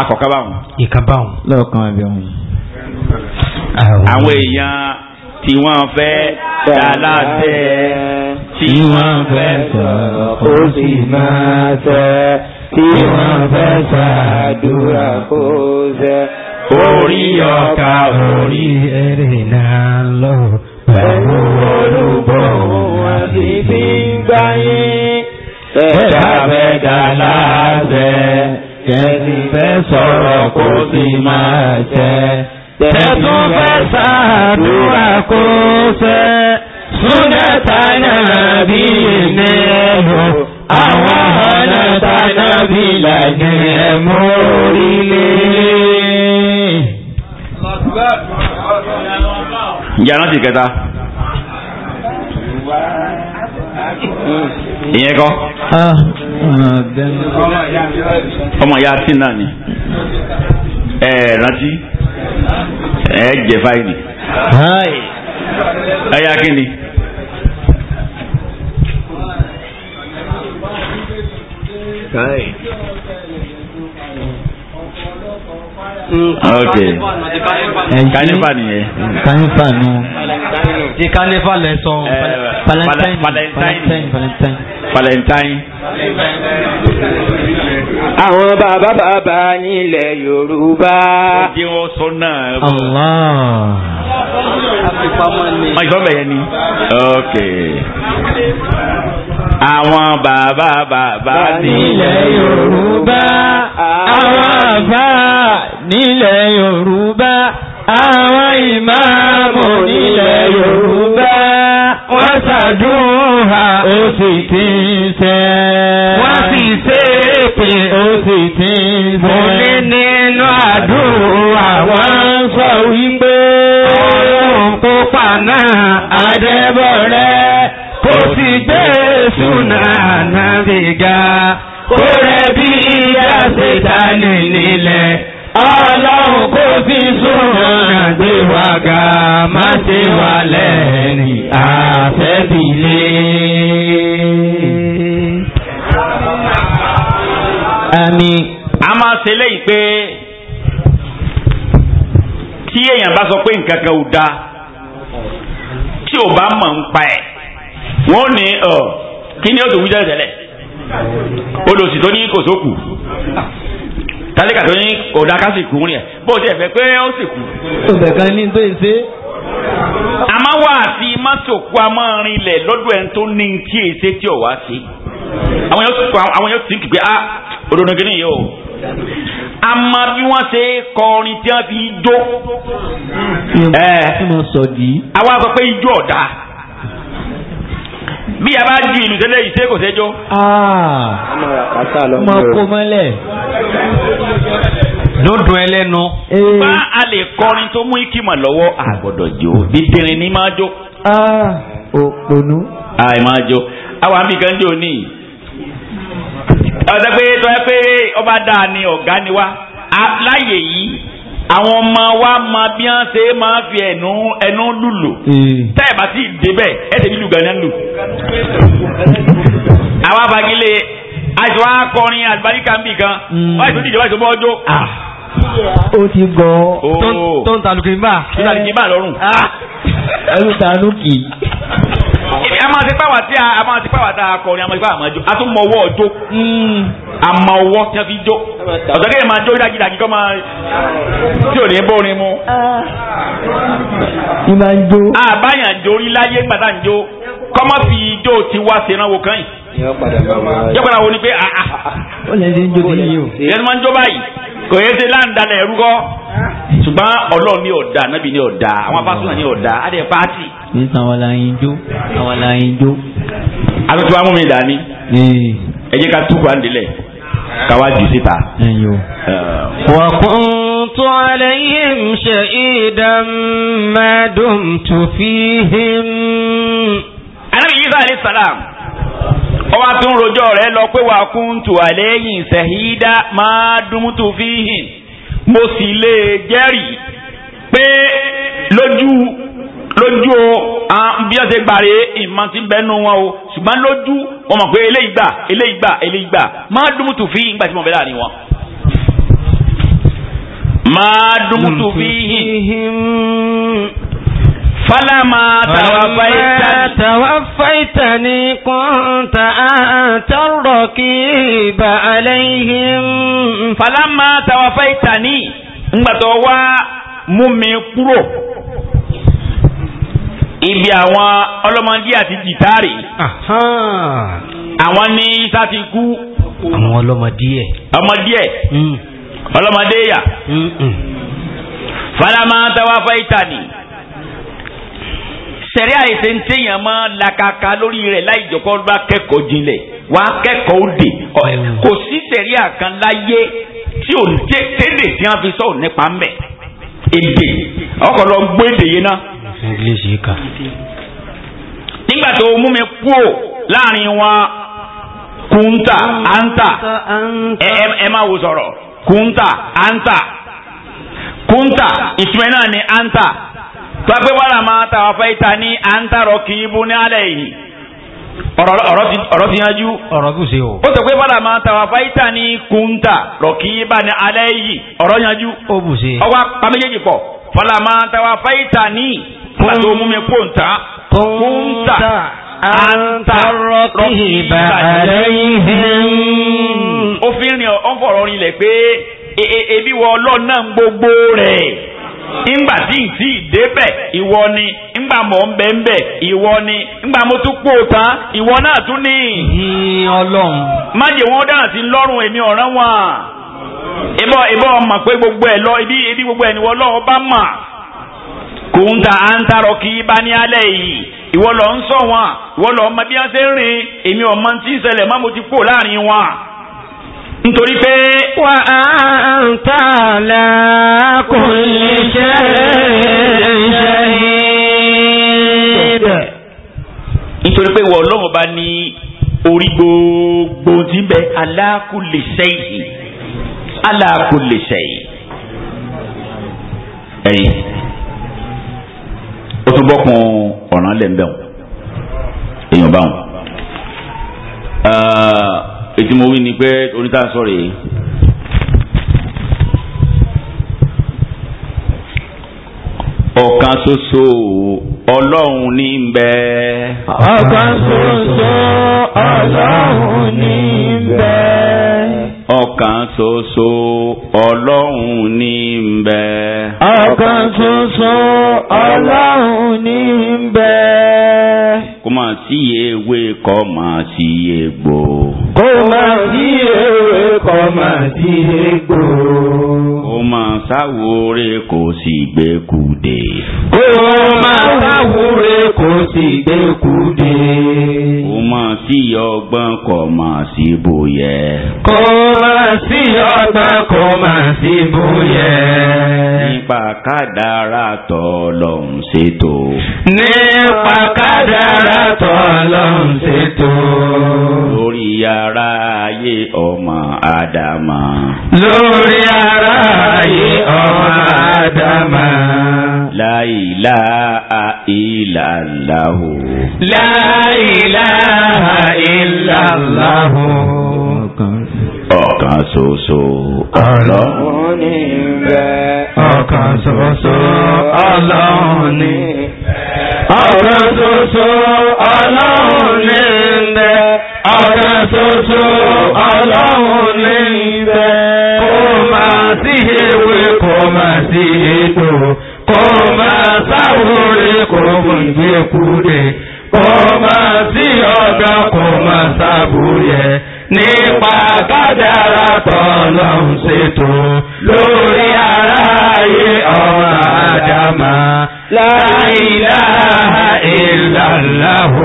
akọ̀kaba wọn. ìkaba wọn. lọ́ọ̀kan abẹ́ wọn. àwọn èèyàn tí wọ́n fẹ́ dàlátẹ́ tí wọ́n fẹ́ sọ̀rọ̀ kó sì máa tẹ́ tí wọ́n fẹ́ ṣàdúrà kó sẹ́ orí ọ̀ka orí ẹ̀rẹ̀ náà lọ pẹ̀lú olùbọ̀ wọn sì fi ń gbáyé ẹ̀ka fẹ́ dàlátẹ́ tẹ́ni fẹ́ sọ̀rọ̀ kó sì máa jẹ́. Tẹ̀tún fẹ́ sàdúrà kó sẹ́. Súnà tánà bí ní ẹ̀rọ. Àwọn ọ̀nà tánà bí lànà ẹ̀mọ́ orílẹ̀. Yàrá ti kẹta. Ìyẹn kọ́. Ah ọmọ ya tí náà ni ẹ rántí ẹ jẹ fáìlì ẹ yá kí ni. Right. ok kanifa kanifa nù. ti kanifa lẹ sọ. valentine valentine valentine àwọn bàbá bàbá nílẹ̀ yorùbá. ọdí wọn sọ náà. máa gbọ́ bẹ̀yẹ ni. ok. àwọn bàbá bàbá nílẹ̀ yorùbá. àwọn bàbá nílẹ̀ yorùbá. àwọn ìmáàmù nílẹ̀ yorùbá ṣàdúrà ó sì ti ń ṣẹ. wọ́n sì ṣe é pé ó sì ti ń ṣẹ. mo ní nínú àdúrà wọ́n sọ wípé ọlọ́run kópa náà adébọ̀rẹ́ kò sì gbé súnà nàbìgà kó rẹ̀ bí ìyá ṣètà nílẹ̀ àgà má ṣe wà lẹ́ni àfẹ́bílé. Ẹni. A máa ṣe léyìí pé tí èèyàn bá sọ pé nǹkan kan ò dáa tí ò bá mọ̀ ń pa ẹ̀ wọ́n ní kí ni ó tó wí tẹ́lẹ̀ tẹ́lẹ̀ olùsí tó ní kò tálíkà tó ní kódà ká sì kú rìn ẹ̀ bó tiẹ̀ fẹ́ pé ó sì kú. ọ̀sẹ̀ kan ní tó ṣe. àmọ́ wà àti mọ́sòkú amọ́rin ilẹ̀ lọ́dọ̀ ẹ̀ tó ní tí èyí ṣe tí ò wá sí. àwọn yóò ti gbé a òdòdó kìíní yìí o. àmọ́ bí wọ́n ṣe kọrin tí wọ́n fi jó. ẹ ẹ àwa sọ pé ijó ọ̀dà bí a bá di ìlú tẹ́lẹ̀ ìṣe kò sẹ́jọ́. Ah, mọ kó mọ́lẹ̀. lódùn ẹlẹ́nu. Eh. bá a lè kọrin tó mú ìkìmọ̀ lọ́wọ́ àgọ́dọ̀ jò dídìrín ní máa jó. Ah, òpònú. àì máa jó àwọn àmì kan jò ní. ọ̀sẹ̀ pé tọ́ ẹ pé ọba dáa ni ọ̀gá ni wá láyè yìí àwọn ọmọ wa ma bí wọ́n ṣe máa fi ẹnu ẹnu lùlù hmm. tẹ́ ẹ̀ bá ti débẹ̀ ẹ̀ tẹ̀lé lùgà náà lù. àwa fagilé aṣọ akọrin àlùbáríkà ń bì kan wọ́n ti dìjọba ìṣòwò ọjọ́ ó ti gan oh. tó ń tanukì bá. tó ń tanukì bá lọ́rùn. Ah. ẹnu tanukì èmi a máa ti pàwà tí a máa ti pàwà tá a kọ ni a máa ti pàwà máa jó a tún mọ ọwọ́ ọjọ́ hmm. a mọ ọwọ́ tí a fi jó ọ̀sán kéde máa jó dágídágí kọ́ máa tí ò ní bó ni mu. ìmọ̀ ń jó. àbáyàn jó rí láyé gbàtà ń jó kọ́mọ́ fi ijó ti wá ṣèrànwó kan yìí. yóò padà wo ni pé àà. Ah, ah, ah. ó lè ṣe ń jó bí yìí o. ìyẹn ló máa ń jó báyìí kò yẹ ṣe láǹdalẹ̀ ẹ̀rú kọ́. ṣùgbọ́n ọlọ́run ní ọ̀dà anábì ní ọ̀dà àwọn afásúnà ní ọ̀dà á dẹ̀ pààtì. nípa àwọn aláyin jó àwọn aláyin jó. mi dání. ẹ jẹ́ ká túbọ̀ àǹdílẹ̀ káwá jù síta. Eh. wà anábì salam rojọ́ rẹ̀ lọ pé wà mo sì lè jẹ́rìí pé lójú lójú o bí wọ́n ṣe gbàre ìmọ̀ ti bẹ́ẹ̀ nu wọn o ṣùgbọ́n lójú wọn mọ̀ pé eléyìí gbà eléyìí gbà eléyìí gbà máa dùn fi ìgbà tí mo bẹ́ láàrin wọn. máa dùn fi hìn. فلما توفيتني توفيتني كنت أنت الرقيب عليهم فلما توفيتني ńgbà tó wá mú mi kúrò ibi àwọn ọlọ́mọdé àti jìtáàrì àwọn ní isa ti kú. àwọn ọlọ́mọdé ọmọdé mm. ọlọ́mọdé yà. falama tawafaitani sẹ̀rí àìsè ń téèyàn máa làkàkà lórí rẹ̀ láì jọ̀kọ́ bá kẹ́kọ̀ọ́ jinlẹ̀ wàá kẹ́kọ̀ọ́ òde kò sí sẹ̀rí àkàn láyé tí ò jẹ́ tẹ́lẹ̀ tí wọ́n fi sọ̀rọ̀ nípa ń bẹ̀ èdè ọkọ̀ lọ gbọ́ èdè yìí ná. nígbà tó mú mi kú ò láàrin wọn kúńtà áńtà ẹ má wo sọ̀rọ̀ kúńtà áńtà kúńtà ìtumẹ̀ náà ni áńtà. tọ́pẹ́ wàrà máa ta ni fẹ́ ta ní à ń tàrọ kì í bu ní alẹ́ yìí ọ̀rọ̀ ti yanjú. ọ̀rọ̀ kù o. ó sọ pé máa fẹ́ ní kúńtà rọ̀ kì í bá ní alẹ́ yìí ọ̀rọ̀ yanjú. ó bù sí. ọwọ́ apá méjèèjì pọ̀ fọlá fi ń rìn ọ́n rinlẹ̀ pé ebi wọ ọlọ́ọ̀ náà gbogbo rẹ̀. ńgbà tí ì tí ì ni ńgbà mọ̀ ń bẹ̀ ń ni mo tún ìwọ náà tún ní. ìhìn ma má sí èmi wọn. ìbọ̀ ìbọ̀ mọ̀ pé gbogbo e ibi ibi gbogbo e ni mà. à ń kí lọ ń sọ wọn ìwọ lọ ọmọ bí wọn ṣe ọmọ tí ń má ti láàrin wọn. nítorí pé wà á ń tààlà kò lè ṣe ṣe nítorí pé wọ ọlọ́run bá ní orí gbogbo tí ń bẹ aláàkúlẹ̀ṣẹ́ yìí aláàkúlẹ̀ṣẹ́ yìí ẹ̀yìn ó tún bọ́kun ọ̀ràn lẹ́ńbẹ̀ọ́ èèyàn báwọn ètí mo wí ni pé oníta sọ̀rọ̀ yìí. ọ̀kan ṣoṣo ọlọ́run ní ń bẹ. ọ̀kan ṣoṣo ọlọ́run ní ń bẹ ọ̀kan soso ọlọ́run ní ń bẹ. ọ̀kan ṣoṣo ọlọ́run ní ń bẹ. kó máa sí ewé kó máa sí egbò. kó máa sí ewé kó máa sí egbò. kó máa sáwóore kò sì gbé kùdé. kó máa sáwóore kò sì gbé kùdé. kó máa sí ọgbọ́n kó máa sí bòyẹ. kó máa sí ọgbọ́n kò má sí bóyẹ. Nípa kádàrá tọ́ lọ́hùn ṣètò. Nípa kádàrá tọ́ lọ́hùn ṣètò. Lórí ara ayé ọmọ Ádámà. Lórí ara ayé ọmọ Ádámà. La ilaha illallahu. La ilaha illallahu ọ̀kan ṣoṣo ọlọ́run ní bẹ́ẹ̀. ọ̀kan ṣoṣo ọlọ́run ní bẹ́ẹ̀. ọ̀kan ṣoṣo ọlọ́run ní bẹ́ẹ̀. ọ̀kan ṣoṣo ọlọ́run ní bẹ́ẹ̀. kò máa sí ewé kò máa sí ètò kò máa sáwóore kò mú ìgbé kúrè kò máa sí ọ̀gá kò máa sábúrẹ́ nípa kádàrá tọ́lọ́ ń ṣètò lórí aráyé ọmọ àdámà láìláha ìlàláhù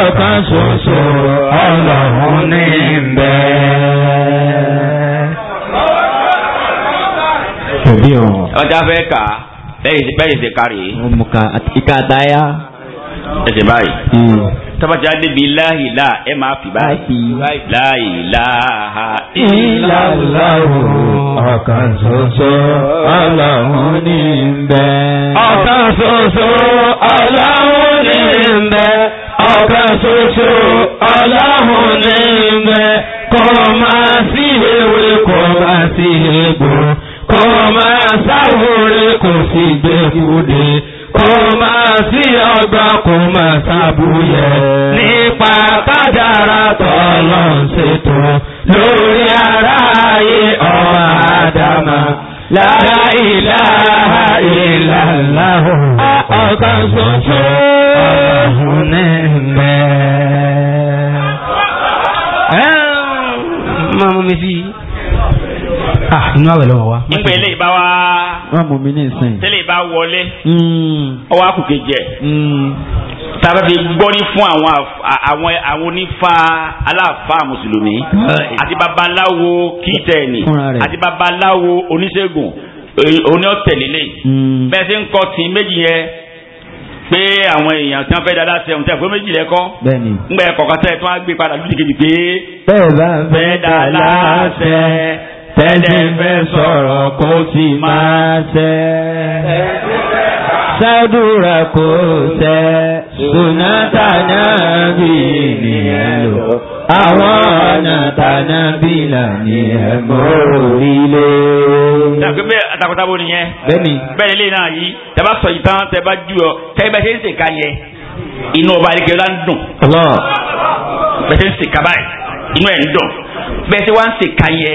ọ̀kan ṣoṣo ọlọ́run ní bẹ́ẹ̀. ọjà fẹ́ kà á bẹ́ẹ̀ ṣe kárí. mo kà ìka àtàyà. ẹ ṣe báyìí. Hmm tabajá débi láhìlá ẹ máa fi báyìí láhìláha ìlàláwò ọ̀kan ṣoṣo aláwọ̀ ní bẹ́ẹ̀. ọ̀kan ṣoṣo aláwọ̀ ní bẹ́ẹ̀. ọ̀kan ṣoṣo aláwọ̀ ní bẹ́ẹ̀. kò máa sí ewé kò máa sí egbò kò máa sáwòrè kò sì gbẹ́kúdé kò máa sí ọgbà kò máa sàbúyẹ nípa kádàrá tọ́lọ̀ ṣètò lórí ara ayé ọmọ àdámà lára ìlàhà ìlàláhù ọ̀kan ṣoṣo ọ̀hún ní mẹ́. Mọ̀mọ́ mi sí ah inú àwẹ̀ lọ́wọ́ wa. nígbà ilé ìbá wa. wọ́n mú mi ní ìsìn. tẹ́lẹ̀ ìbá wọlé. ọwọ́ àkùkè jẹ. tàbí fi gbọ́rí fún àwọn àwọn àwọn onífá aláàfá mùsùlùmí àti babaláwo kìtẹ́ẹ̀nì àti babaláwo oníṣègùn oníọ̀tẹ̀lélẹ̀ hmm. bẹ́ẹ̀ sì ń kọ́ tí méjì yẹn pé àwọn èèyàn tí wọn fẹ́ dada sẹ́wọ̀n tẹ́ fún méjì lẹ́kọ́. bẹ́ẹ̀ni. ń gbẹ kọ̀ọ̀kan tí wọ́n á gbé padà lójú kejì pé. bẹ́ẹ̀ bá fẹ́ dada sẹ́ Tẹ́ni fẹ́ sọ̀rọ̀ kó sì máa ṣẹ́. Sẹ́dù rẹ̀ kò ṣẹ́. Sùnátà náà bí nìyẹn lò. Àwọn ọ̀nà tàná bí lànà ẹ̀mọ́ orílẹ̀. Dàgbé bẹ́ẹ̀ àtàkùtàbò nìyẹn. Bẹ́ẹ̀ni. Bẹ́ẹ̀ lè náà yìí, tẹ bá sọ ìtàn tẹ bá jù ọ, kẹ́yìn bá ṣe ń ṣèkà yẹ, inú ọba àdìgẹ́ ọ̀la ń dùn. Bẹ́ẹ̀ ṣe ń ṣèkà báyìí, inú ẹ̀ ń dùn. Bẹ́ẹ̀ ṣe wá ń ṣèkà yẹ,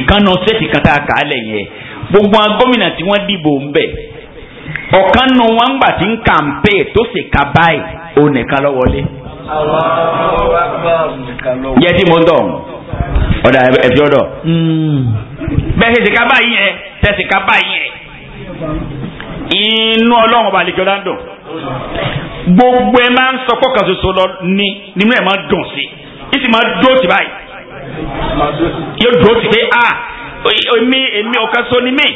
ìkan náà sẹ́ẹ̀tì kan tá a kà á lẹ̀ yẹn gbogbo àwọn gómìnà tí wọ́n dìbò ń bẹ̀ ọ̀kan nu wọn gbà tí ń kàǹpé tó sì ka báyìí òun nìkan lọ wọlé. yẹ tí mo ń dọ̀ ọ̀dà ẹ̀fí ọ̀dọ̀ hmm. bẹ́ẹ̀ ṣe ṣèkà báyìí yẹn tẹ̀ ṣèkà báyìí yẹn inú ọlọ́run ọba àlejò ládùn gbogbo ẹ máa ń sọ kọ́kàn ṣoṣo lọ ní nínú ẹ máa ń dùn sí i sì máa ń dó tì báyìí yóò dúró ti pé a ah, èmi èmi ọ̀kan so ni mí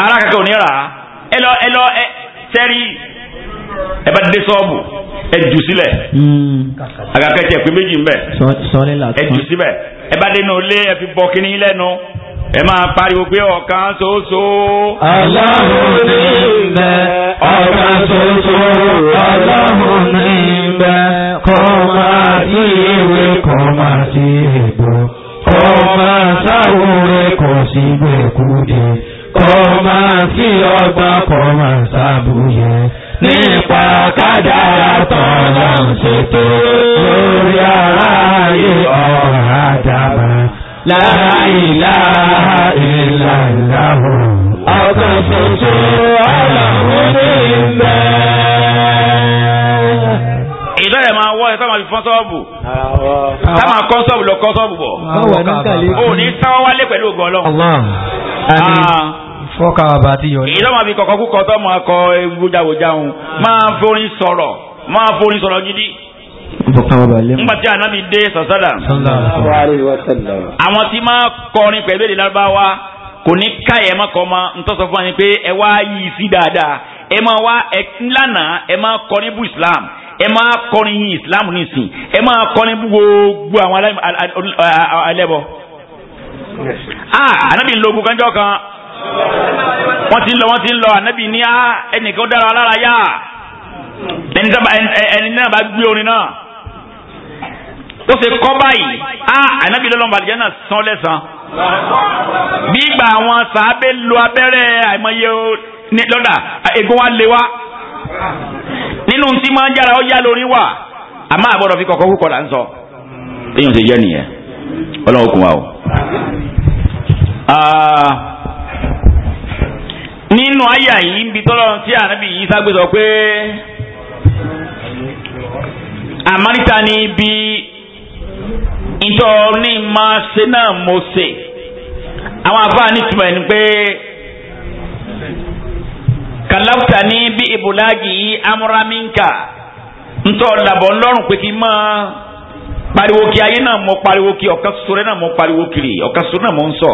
ara kankan ò ní rà á ẹ lọ ẹ lọ ẹ sẹ́rí ẹ bá dé sọ́ọ̀bù ẹ jù sílẹ̀ hmm. àgàkẹ́ tiẹ̀ pé méjì ń bẹ̀ ẹ jù síbẹ̀ ẹ bá dénú ilé ẹ fi bọ́ kínní lẹ́nu ẹ máa pariwo pé ọ̀kan ṣoṣo. Allahu ní bẹ́ẹ̀ ọ̀kan ṣoṣo Allahu ní ń bẹ kọ́ máa sí ewé kọ́ máa sí ègbò kọ́ máa sáwòrẹ́ kọ́ sí gbẹ̀kúdé kọ́ máa sí ọgbà kọ́ máa sábúyẹ nípa kádàrá tọ́lá ń ṣètò lórí ara ayé ọ̀rọ̀ àdàbà láìláà ìlànà ọ̀kan ṣoṣo ọlọ́run ní ìbẹ̀rẹ̀ ìlọ rẹ̀ máa wọ́ ẹ sọ́mọ́ fi fọ́n sọ́ọ̀bù sáma kọ́ sọ́ọ̀bù lọ kọ́ sọ́ọ̀bù bọ̀ ó ní sáwọ́ wálé pẹ̀lú ògùn ọlọ́run. Ah. fọ́ọ̀kà bàbá àti yọ̀ọ́. ìlọ máa fi kọ̀kọ́ kúkọ sọ́mọ akọ ewúrújáwòjá òun máa forin sọ̀rọ̀ máa forin sọ̀rọ̀ gidi. nígbà tí ànábì dé sọ̀sọ́dà àwọn tí máa kọrin pẹ̀lú èdè lárúbáwá kò ní káyẹ̀ mọ́kọ́ mọ́ ntọ́sọ fún wa ni pé ẹ wá máa wá ẹ ńlànà ẹ Islam ẹ máa kọrin yín islam nísìn ẹ máa kọrin gbogbo àwọn alẹ́bọ. Ah, ah, ànábì ń lo ogun kanjọ́ kan wọ́n ti ń lọ wọ́n ti ń lọ ànábì ní ah, ẹnìkan dára lára yá ẹni náà bá gbé orin náà ó ṣe kọ́ báyìí ànábì lọ́lọ́mọ àlùjá náà sán lẹ́sàn-án gbígbà àwọn sàábé lo abẹ́rẹ́ àìmọye lọ́dà egun wa lé wa nínú tí máa ń yára ó yá lórí wà àmọ́ àbọ̀dọ̀ fi kọ̀kọ́ kúkọ̀ là ń sọ èyàn ti jẹ́ nìyẹn ọlọ́run kùn wá o. nínú àyà yìí ń bi tọ́lọ́run tí ànábì yìí ságbé pé àmárítà ni bí ìtọ́ ní máa ṣe náà mo ṣe àwọn àfáà kàláfùtàní bí ibùláàgì amúramínkà ntọ́ làbọ̀ ńlọ́rùn pé kí n máa pariwo kí ayé náà mọ pariwo kí ọ̀kan sọ̀rọ̀ náà mọ pariwo kiri ọ̀kan sọ̀rọ̀ náà mọ ń sọ.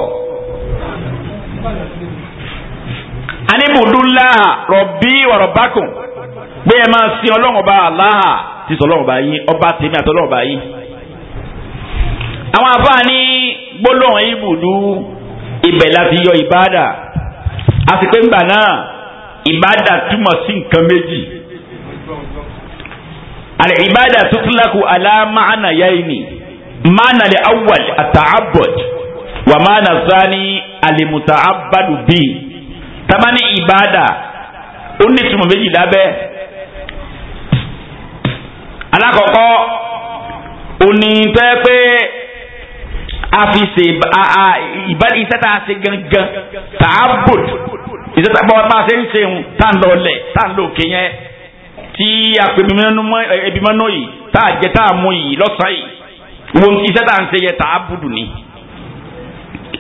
anibudula rọ̀bí wàrọ̀bákùn pé ẹ máa sin ọlọ́run ọba aláha ti sọ ọlọ́run ọba yín ọba tèmi àti ọlọ́run ọba yín. àwọn afáàní gbólóhùn ibùdó ibẹ̀ láti yọ ìbáàdà àti pé náà. ìbádà túmọ̀ sí nǹkan méjì àlẹ́ ìbádà tutlaku ala ma'ana yayni ma'ana lè awwal àtàbọ̀d wà ma'ana zani àlèmùtà abadu bí tamani ìbádà ó ní túmọ̀ méjì lábẹ́ alákọ̀ọ́kọ́ òní tẹ́ pé a fi ṣe ìbáraẹnisẹ́ tá a gangan tààbùd ìsètàgbọ́ bá a ṣe ń ṣe ń tá à ń lọ lẹ̀ tá à ń lọ òkè yẹn tí apèmímọ́ ebimọ́nà yìí tá a jẹ tá a mú yìí lọ́sàn-án yìí wo iṣẹ́ tá à ń ṣe yẹ tá a bùdù ni.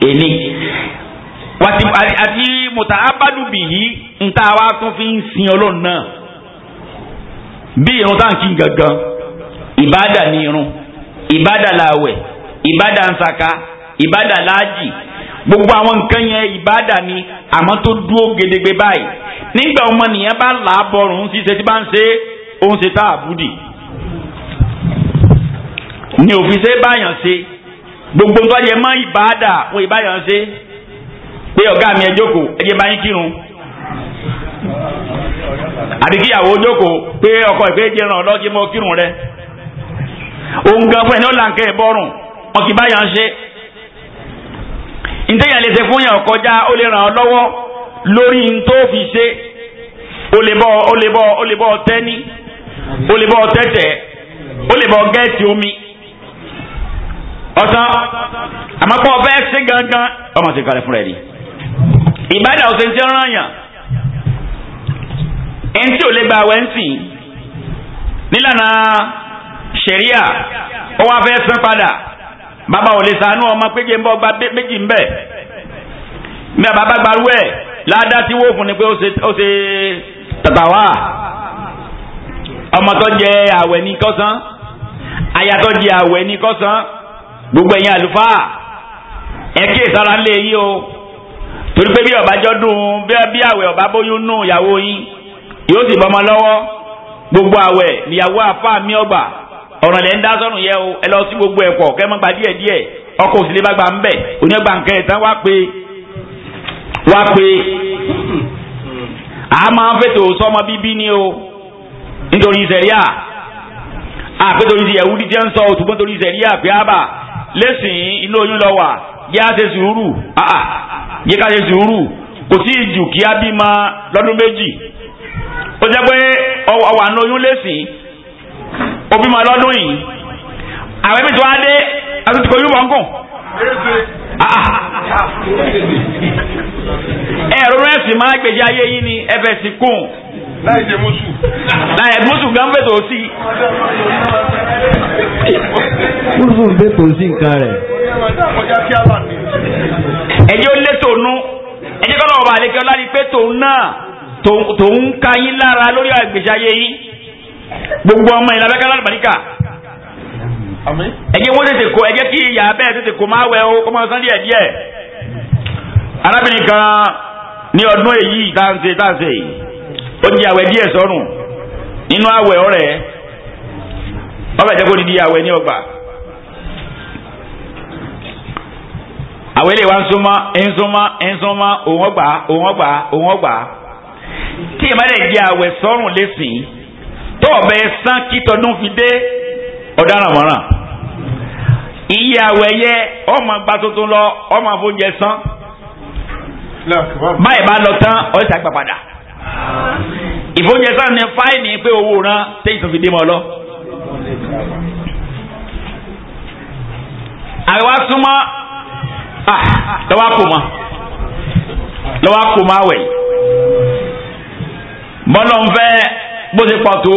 èní wàtí àti mùtà abádùbì yìí ń tá a wá tún fi ń sin ọlọ́run náà bí irun tá à kí gangan ìbádà ni irun ìbádà làwẹ̀ ìbádà ń ìbádà láàjì gbogbo àwọn nǹkan yẹn ìbáàdà ni àmọ́ tó dúró gedegbe báyìí nígbà ọmọnìyàn bá là á bọrùn ṣiṣẹ́ tí bá ń ṣe ó ń ṣe tá àbúdì ni òfin ṣe báyàn ṣe gbogbo nǹkan yẹn mọ́ ìbáàdà wọn ìbáyàn ṣe pé ọ̀gá mi ẹ jókòó ẹ jẹ́ bá yín kírun àbí kíyàwó jókòó pé ọkọ ìpè jẹ́ ràn ọlọ́jẹ́ mọ́ kírun rẹ òun gan fún ẹ̀ ó là ń kẹ́ ẹ̀ bọ́rùn wọn báyàn ṣe ntẹ́yà lè ṣe fún yàn kọjá ó lè ràn ọ́ lọ́wọ́ lórí ntó fi ṣe ó lè bọ́ ó lè bọ́ ó lè bọ́ tẹ́ni ó lè bọ́ tẹ́tẹ́ ó lè bọ́ gẹ́ẹ̀tì omi ọ̀sán àmọ́pọ̀ ọ̀fẹ́ ṣe gangan ọmọ ti kalẹ̀ fúnra ẹ̀ ni ìbádà ọ̀sẹ̀ ń ṣe rán yàn ẹni ò lè gba àwẹ̀ ń nílànà sẹ̀ríà ó wá fẹ́ san padà bàbá ò lè sànú ọmọ péjì ń bọ́ gba méjì ń bẹ̀ mi àbá gbarú ẹ̀ ládàá tí wọ́n fún ni pé ó ṣe tàtà wá ọmọ tó jẹ àwẹ̀ ní kọ́sán aya tó jẹ àwẹ̀ ní kọ́sán gbogbo ẹ̀yin àlùfáà ẹ kí ìsara ń lé yí o torí pé bí ọ̀bájọ́ dùn bí àwẹ̀ ọ̀bá bóyún nù ìyàwó yín yóò sì bọ́mọ lọ́wọ́ gbogbo àwẹ̀ níyàwó àfáà mi ọgbà. ọ̀ràn lẹ́ ń dá sọ́nù yẹ o ẹ lọ sí gbogbo ẹ̀kọ́ kẹ́ mọ́ gba díẹ̀ díẹ̀ ọkọ̀ òsèlè bá gba ń bẹ̀ wá pé wá pé a máa ń sọmọ bíbí ni o nítorí sẹ̀ríà àpètòrí ti yẹ̀wù díjẹ́ ń sọ òtùgbọ́n torí sẹ̀ríà pé ábà lẹ́sìn oyún lọ wà á ṣe sùúrù ká òbí ma lọ́dún yìí àwọn ẹbí tó wá dé àtúntò yóò mọ̀ ń gùn. Ah, ah. ẹ̀rọ ẹ̀sìn máa gbèjì ayé yín ni ẹ̀fẹ̀ sí kùn. láì jẹ mọ́sù. láì jẹ mọ́sù gan fẹ́ tó sí. mọ́sù ń bẹ́ tó sí nǹkan rẹ̀. ẹ̀jẹ̀ ó lé tòun ẹ̀jẹ̀ kọ́lọ́ ọba àlekẹ́ ọlá ni pé tòun náà tòun ká yín lára lórí àgbèjì ayé yín gbogbo ọmọ yìí labẹ́ká lálùbáríkà ẹ̀jẹ̀ wọ́n tètè kó ẹ̀jẹ̀ kí ìyá bẹ́ẹ̀ tètè kó máa wẹ̀ o kọ́mọ sán díẹ̀ díẹ̀ arábìnrin kan ní ọdún èyí táǹsì táǹsì ó di àwẹ̀ díẹ̀ sọ́rùn nínú àwẹ̀ ọ̀rẹ́ ọ̀bẹ̀ jẹ́ kó di di àwẹ̀ ní ọgbà àwẹ̀ lè wá ń súnmọ́ ń súnmọ́ ń súnmọ́ òun ọgbà òun ọgbà òun ọgbà tí ìmọ̀lẹ̀ di àwẹ̀ sọ́rùn lẹ́sìn tọ́ọ̀bẹ san kí tọdún fi dé ọ̀daràn mọ́ràn iye àwẹ̀yẹ ọmọ gba tuntun lọ ọmọ àfọ̀njẹ san báyìí bá lọ tán ọ̀rẹ́ sàgbà padà ìfọ̀njẹ san ni fáìní pé owó ran téyì tó fi dé mọ́ lọ. àwa súnmọ́ ah, lọ́wọ́ kò mọ́ lọ́wọ́ kò mọ́ àwẹ̀ bọ́lọ̀ ń fẹ́ bó ṣe pọ̀ tó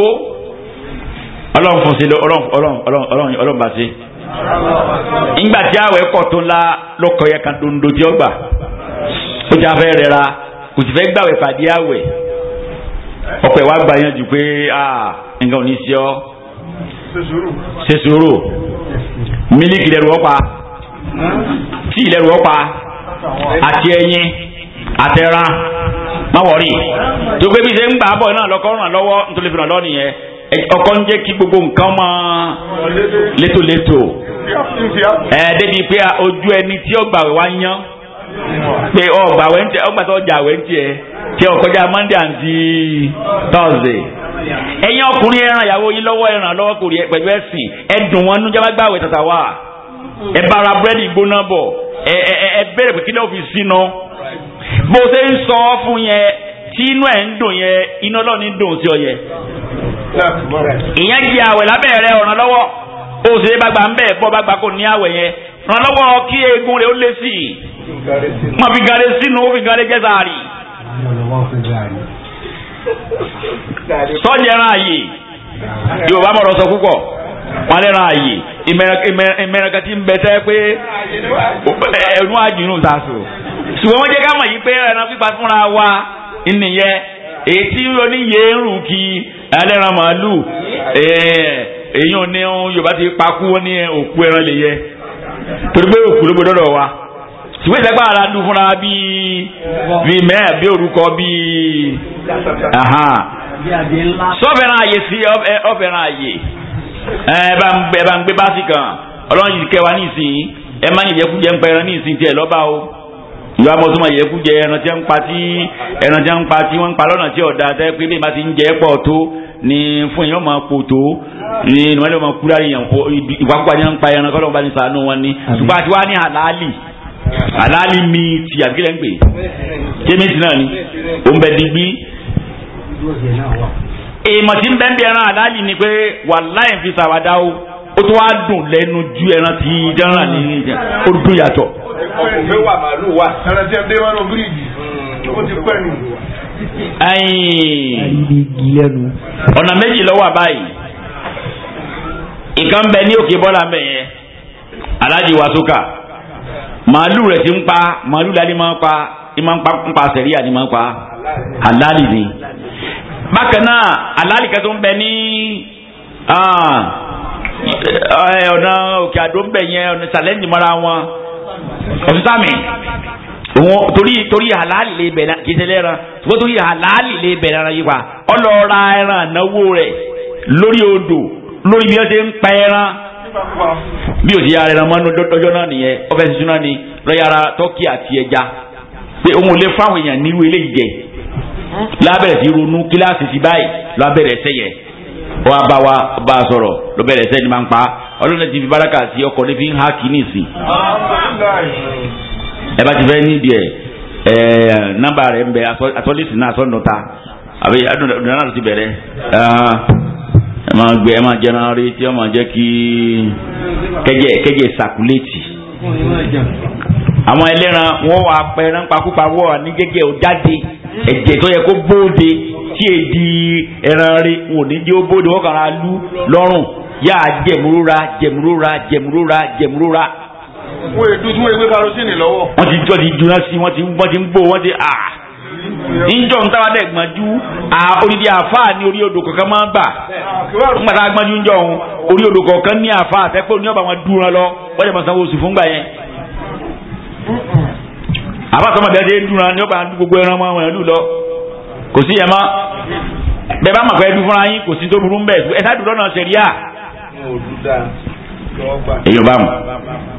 ọlọ́run fún sí ọlọ́run bá sí. ìgbà tí àwẹ̀ kọ̀ tó ńlá lọ́kọ̀ yẹ kan dondo tí ó gbà ó ti afẹ́ rẹ̀ ra kò sì fẹ́ gbàwẹ̀ pàdé àwẹ̀ ọ̀pẹ̀ wa gbà yẹn jù pé nǹkan ò ní sí ọ ṣe sùúrù mílíkì lẹ́rù ọ̀pá tíì lẹ́rù ọ̀pá àti ẹyin. àtẹ̀ra má wọ̀rí tó gbé bí ṣe ń gbà á bọ̀ náà lọ́kọ́ ràn lọ́wọ́ nítorí fi ràn lọ́ nìyẹn ọkọ ń jẹ́ kí gbogbo nǹkan létòlétò ẹ pé ojú ẹni tí wá ọ ń tẹ ń tí Monday and Thursday ẹ̀yin ọkùnrin ẹran ìyàwó yín lọ́wọ́ ẹran lọ́wọ́ kò rí pẹ̀lú ẹ̀sìn ẹ wọn nújá bá gbàwé bára búrẹ́dì gbóná bọ̀ bó ṣe ń sọ fún yẹn tí inú ẹ̀ ń dùn ọ yẹn. ìyẹn di àwẹ̀ lábẹ́ ọ̀ràn lọ́wọ́ ó ṣe é ń bẹ̀ bọ́ bá kò ní àwẹ̀ yẹn ràn lọ́wọ́ kí eegun rẹ̀ ó lé sí i wọ́n fi sínú ó fi sọ́jà ẹran àyè ṣùgbọ́n wọ́n jẹ́ ká mọ̀ yìí pé ẹran pípa fúnra wa nìyẹn èyí tí oníyè ń rù kí ẹlẹ́ran màálù èyàn ní Yorùbá ti pakú wọn ní òkú ẹran lè yẹ torí pé òkú ló gbọdọ̀ wa ṣùgbọ́n ìṣẹ́gbà ara dùn fúnra bíi bíi mẹ́ẹ̀ bí orúkọ bíi sọ́fẹ̀ràn àyè sí ọ̀fẹ̀ràn àyè ẹ bá ń gbé báàsì kan ọlọ́run yìí kẹwàá ní ìsìn ẹ má yẹ jẹ́ kú jẹ́ ń pẹ́ran ní ìsìn tiẹ̀ lọ́ba o ìwà mọ̀ tó máa yẹ kú jẹ ẹran tí wọ́n ń pa tí ẹran tí wọ́n ń pa tí wọ́n ń pa lọ́nà tí ọ̀dà tẹ́ pé bí ìbá ti ń jẹ pọ̀ tó ni fún èèyàn máa pò tó ni ìwọ́n lè máa kúrò àyàn pọ̀ ìwàkúwà ni wọ́n ń pa ẹran kọ́lọ́ bá ní sàánú wọn ni ṣùgbọ́n àti wá ní àlàálì àlàálì mi ti àbíkẹ́lẹ́ ń pè kémìtì náà ni òun bẹ digbí. èèmọ̀ tí ń bẹ́ẹ̀ bí ẹran àlàálì ni pé wàláì ó tún wá dùn lẹ́nu ju ẹran tí dáná ní ìjà ó dùn yàtọ̀. ọkùnrin wà màálù wa ẹran tí ẹ dé wọn lọ bíríìjì ó ti pẹ́ nù. ọ̀nà méjì ló wà báyìí nǹkan bẹ ní òkè bọ́lá bẹ yẹn aláàjì wàsókà màálù rẹ̀ ti ń pa màálù lálẹ́ máa ń pa ìmọ̀ ń pa sẹ̀ríà ni máa ń pa aláàlì ni bákan náà aláàlì kan tó ń bẹ ní. Ah, Eh, ọ̀nà òkè àdó ń bẹ̀ yẹn ọ̀nà ìsàlẹ̀ ní mọ́ra wọn ọ̀sùtàmì wọn torí torí halali lè bẹ̀rẹ̀ kìtẹ́lẹ̀ ẹran ṣùgbọ́n torí halali lè bẹ̀rẹ̀ ẹran yìí wa ọlọ́ọ̀ra ẹran ànáwó rẹ̀ lórí odò lórí bí wọ́n ṣe ń pa ẹran bí òsì ara ẹran mọ́nú dọ́jọ́ náà nìyẹn ọbẹ̀ tuntun náà ni lọ́yàrá tọ́kì àti ẹja pé òun ò lè fáwọn èèyàn nírú eléyìí jẹ lábẹ́rẹ̀ sí ronú kíláàsì sí báyìí lábẹ́rẹ̀ sẹ́yẹ̀ wọ́n bá wa bá a sọ̀rọ̀ ló bẹ̀rẹ̀ sẹ́ni máa ń pa ọlọ́run ti fi baraka sí ọkọ̀ ní fi ń hákì ní ìsìn. ẹ bá ti fẹ́ ẹ ń bẹ atọ́lẹ́sì náà sọ́nù ta àbí náà ti bẹ̀rẹ̀ ẹ máa gbé ẹ máa máa kí sàkúlẹ̀tì. àwọn ẹlẹ́ran wọ́n wà pẹ́ ránpakúpa ní gẹ́gẹ́ jáde. ẹ̀jẹ̀ tó yẹ kó bóde tí è di ẹran rí wọn ò ní jẹ́ ó bóde wọ́n kàn án lú lọ́rùn yá jẹ̀múrúra jẹ̀múrúra jẹ̀múrúra jẹ̀múrúra. wọ́n èdú tí wọ́n gbé karosíìnì lọ́wọ́. wọ́n ti jọ́ ti juná sí wọ́n ti wọ́n ti ń gbó wọ́n ti à. níjọ́ ń táwa dẹ̀ gbọ́njú odidi àáfàá ní orí odò kankan máa ń gbà. nígbà tá gbọ́njú ń jọ òun orí odò kankan ní àáfàá àtẹ́pẹ́ òní ọ̀bà wọn dúró lọ wọ́n àbáṣọ ọmọ bẹ́ẹ̀ ṣe dúnra ní ọba gbogbo ẹran ọmọ ẹran lù lọ kò sí yẹn mọ́ bẹ́ẹ̀ bá mọ̀ pé ẹbí fúnra yín kò sí tó burú ń bẹ̀ ẹ sáà dúró náà ṣẹlẹ̀ yá.